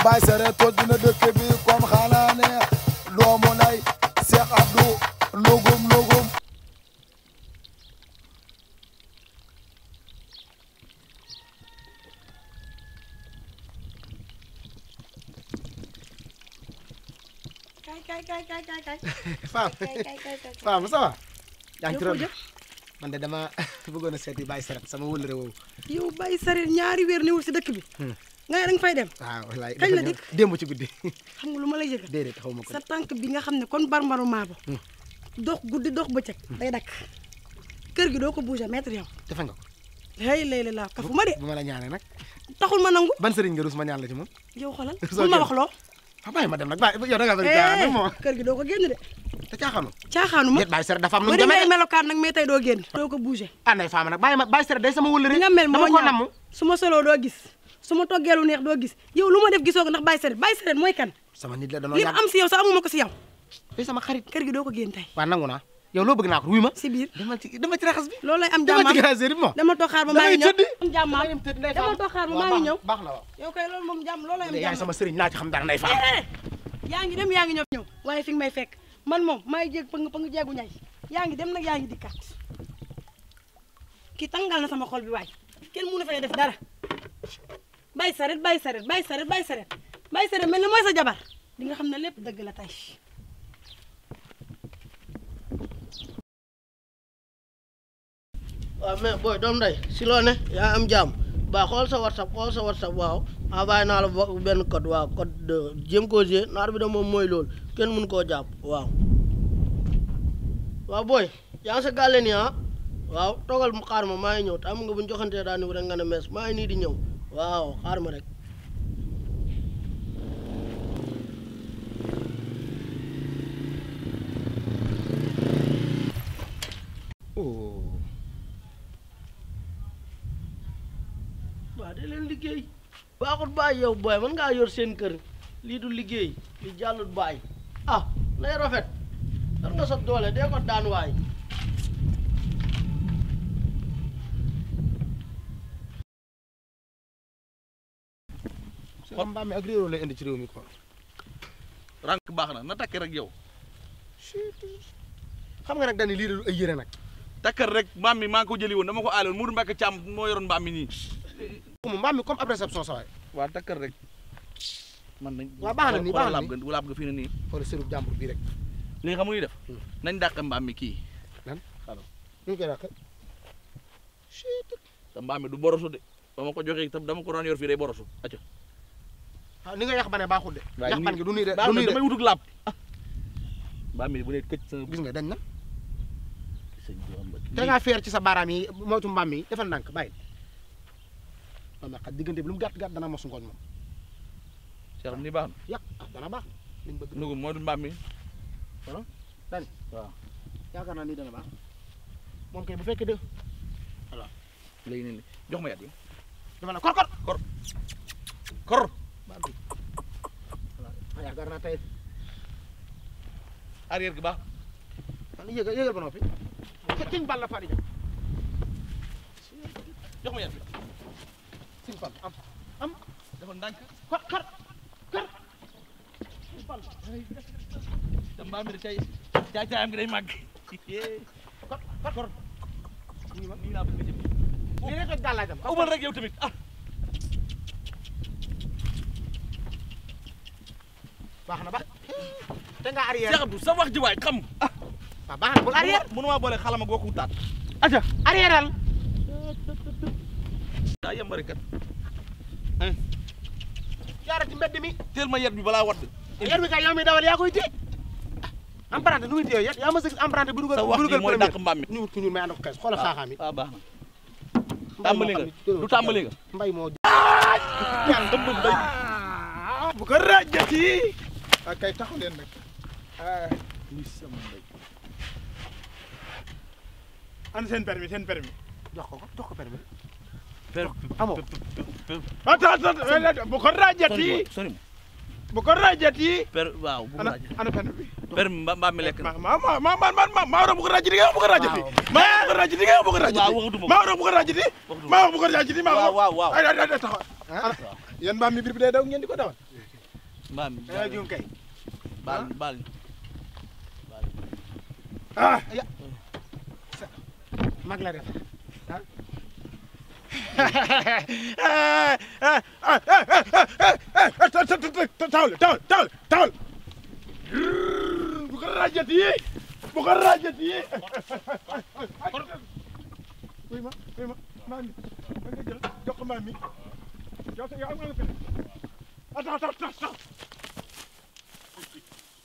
Bay Sere toj na dëkk bi comme xanaa ne doomu nay Cheikh Abdou lugum lugum kay kay kay kay kay kay faam faam ça va yaa ngi ci roon man de dama bëggoon a seeti Sere sama wëllëre woowu yow bay Sere ñaari weer newul si dëkk bi hmm. nga ne da fay dem. waaw ah, wallaay kañ la dikk démb ci guddi. xam nga lu ma la yëgal déedéet xaw ma ko sa tànk bi nga xam ne kon barmbaru maabo hmm. dox guddi dox bëccëg. Hmm. day dakk kër gi doo ko bougé maître yow. defe nga ko. hey léeg-léeg laa kafu ma de. bu ma la ñaanee nag. ma nangu. ban sëriñ la ci moom. yow ma wax loo. Ah, ma dem nag bàyyi yow da kër gi doo ko génn de. te caaxaanu. caaxaanu ma bàyyi sere dafa am lu doo génn. doo ko bougé. ah nay faama nag bàyyi ma bàyyi sere day sama wëllëre. mel moo ñaaw dama ko namm doo gis suma ma lu neex doo gis yow lu ma def gisoo ko ndax Baye Sarène Baye Sarène mooy kan. sama nit la dama li am si yow sax amuma ko si yow. fii sama xarit kër gi doo ko génn tey. waaw nangu naa yow loo bëgg naa ko wuy si biir dama ci dama ci raxas bi. am jàmmaam dama ci raxas bi moom. dama toog xaar ba maa ñëw dama dem dama toog xaar ba maa ñëw. yow kay am jàmm. yaay sama sering naa ci xam dara ndey faa. Eh, yaa dem yaa ngi ñëw. waaye fi may fekk man mau, mau ngi jéeg pëng pëng jéegu ñay yaa ngi dem nag yaa ngi dikkaat kii na sama xol bi waay kenn mënu fay def dara bàyyi saret bàyyi saret bàyyi saret bàyyi saret bàyyi saret mel ni mooy sa jabar di nga xam ne lépp dëgg la tey waaw mais booy doom day si loo ne yaa am jàmm baa xool sa whatsapp xool sa whatsapp waaw envoyé naa la benn code waaw code de jéem koo gée naar bi da moom mooy loolu kenn mën koo jàpp waaw waaw booy yaa ngi sa gàlle nii ah waaw toogal mu xaar ma maa ngi ñëw te nga bu ñu joxantee daal ni rek nga ne mees maa nii di ñëw waaw xaar ma rek waa oh. de leen liggéey baaxut baay yow booy mën ngaa yor seen kër lii du liggéey li jàllut baay ah nay rafet dara nga sot doole dee ko daan waay kon mbaam mi ak réeroo lay indi ci réew mi quoi. rank baax na na takk rek yow. xam nga nag dañuy lii ay yére nag. takkal rek mbaam mi maa ngi ko jëli woon dama ko aaloon Mourou Mbacke Thiam moo yoroon mbaam mi nii. mbaam mi comme ab réception sa waay. waa rek. man nañ waaw baax na nii baax na nii walaab nga fii na nii. xoolal sërub jàmbur rek. léegi xam def. Hmm. nañ dàq mbaam mi ñu mi du borosu de ba ko joxee itam dama ko doon yor day borosu acca ni nga yax ba ne baaxul gi du ni de du ni damay wutuk lap ba bu ne kecc gis nga dañ na te nga fier ci sa baram yi moytu defal nank bayil am xat digënté lu mu gatt gatt dana mos ngon mom cheikh ni baax ya dana baax liñ bëgg nugu modu mbam wala dan waaw yaakaar naa ni dana baax moom kay bu fekkee de voilà léegi ne jox ma la kor kor kor kor babi ayah karena teh hari hari kebah kan iya gak iya, iya, keting pala fari ya jok me yapi am am dafa ndank kar kar kar simpal damba mi tay tay tay am gi day mag iya. kar kar ni la bëgg ni rek ak dal rek yow tamit ah baax na ba te nga arrière Cheikh sa wax ji waay xam waaw baax arrière xalam ak waxu aja arrière al daa yembari kat jaara ci mi teel ma yet bi balaa wadd yet bi kay yow dawal yaa koy téye emprunté nu muy téye ma sëg emprunté bu dugal bu dugal mooy dàq mbaam mi ñu ñu may ànd ko kees xoolal saaxaam nga du nga mbay mbay bu ko ak kay taxu leen nag ah li sama mbay an seen permis seen permis jox ko jox ko permis amo attends attends bu ko rajati bu ko rajati per waaw bu anu, rajati ana pen per mba mi lek ma ma ma ma ma ma wara bu ko rajati nga bu ko rajati ma bu ko rajati nga bu ko rajati ma bu ko rajati ma bu ko rajati ma waaw waaw yeen mba mi bir bi day daw ngeen di ko dawal Bal. Kaya jum kay. Bal, bal. Bal. Ah, ya. Mag la def. Ha? Tawul, tawul, tawul, tawul. Bu ko rajat yi. Bu ko rajat yi. Uy ma, uy ma. Mami. Ma nga jël jox ko mami. Yow sa yow am nga la fi. Attends, attends, attends.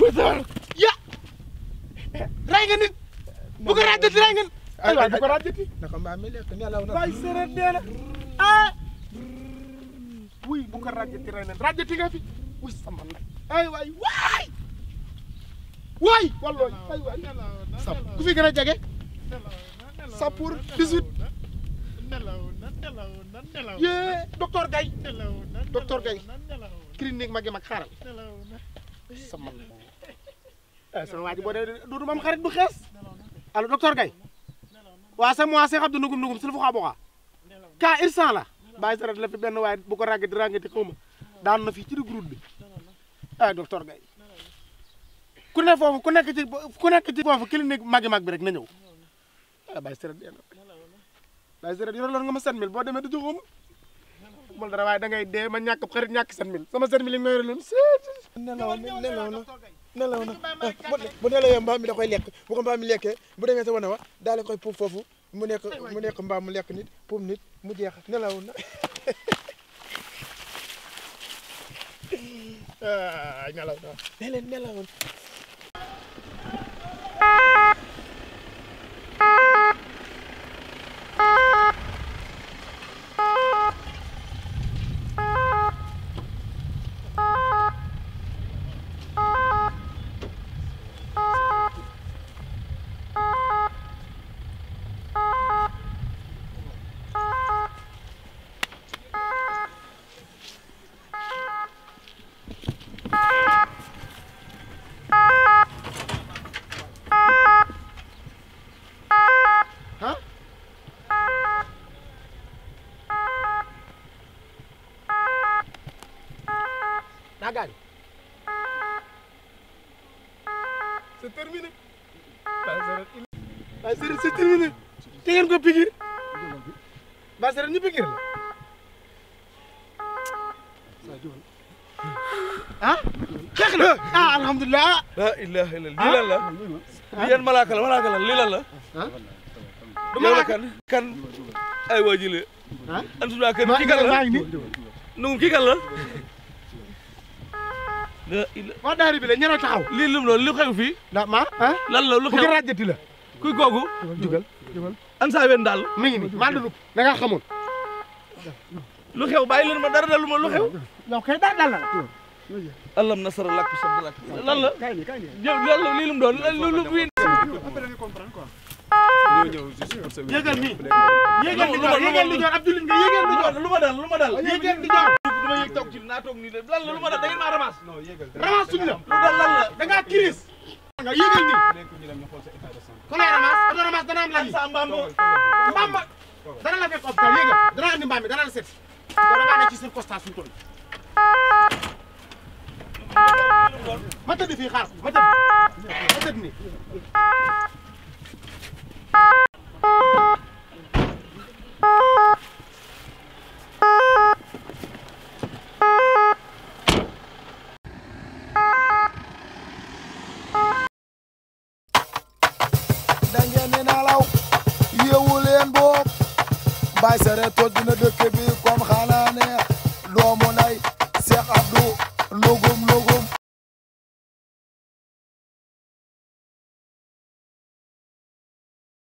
Boursor. ya. ray nga nit. bu ko ràjjati ray nga. aywa bu ko ràjjati. naka mbaa mi lekk nelaw na. waaye séeréer dee na. ah. wuy bu ko ràjjati ray na ràjjati nga fi. wuy sama ndey. aywa waay. waay. wallaahi aywa. sap ku fi gën a jege. sappour 18. yee docteur Gaye. docteur Gaye. clinique magi mag xaaral sama eh sama waji mam xarit bu xess allo gay wa sa nugum nugum sul ka irsan la bay sarat la fi ben way bu ko ragati ragati xuma daan na eh docteur gay ku ne fofu ku nek ci ku nek magi mag bi rek na ñew bay ma dara waaye da ngay dee ma ñàkk xarit ñàkk sept mille sama sept mille yi ma yore noonu nelaw na nelaw na nelaw ah, mi da koy lekk bu ko mbaam bu demee sa wana wa daal koy puuf foofu mu nekk mu nekk mbaam mu lekk nit puuf nit mu jeex nelaw na nelaw na ne nelaw na c'est mi waaye sëriñ c'est ko pikir. waaw sëriñ ñu pikir ah. xeex na ah alhamdulilah. la ilaha illa lii lan la. Ah? lii yan malaaka la malaaka lan la. Ah? du malaaka kan. ay waa ah? an suñu waa kër kan la nu kan la. waa daari bi la ñenoo taxaw lii lum loolu lu xew fii da ma ah lan la lu xew bu ràjjati la kuy kooku jugal jugal an saa ween daal mi ngi ni maa dund da nga xamoon lu xew ba leen ma dara lu ma lu xew yow kay daal daal la alam nasara lakk sa la lan la lii lum doon lu lu win yéegal nii yéegal di joor yéegal di joor Abdoulaye nga yéegal di joor lu ma dal lu ma dal yéegal di joor ñuy toog ci naa toog nii de lan la lu ma def da ngeen maa ramas. ramas suñu la. lan la da ngaa kiris. nga lay ramas oto ramas dana am lan yi. mbaam ma dana la fekk la seet. kon da ngaa nekk ci circonstance suñu toll. ma tëdd fii xaar nelaw yeewu leen boog bàyyi sa reer tooj dina dëkk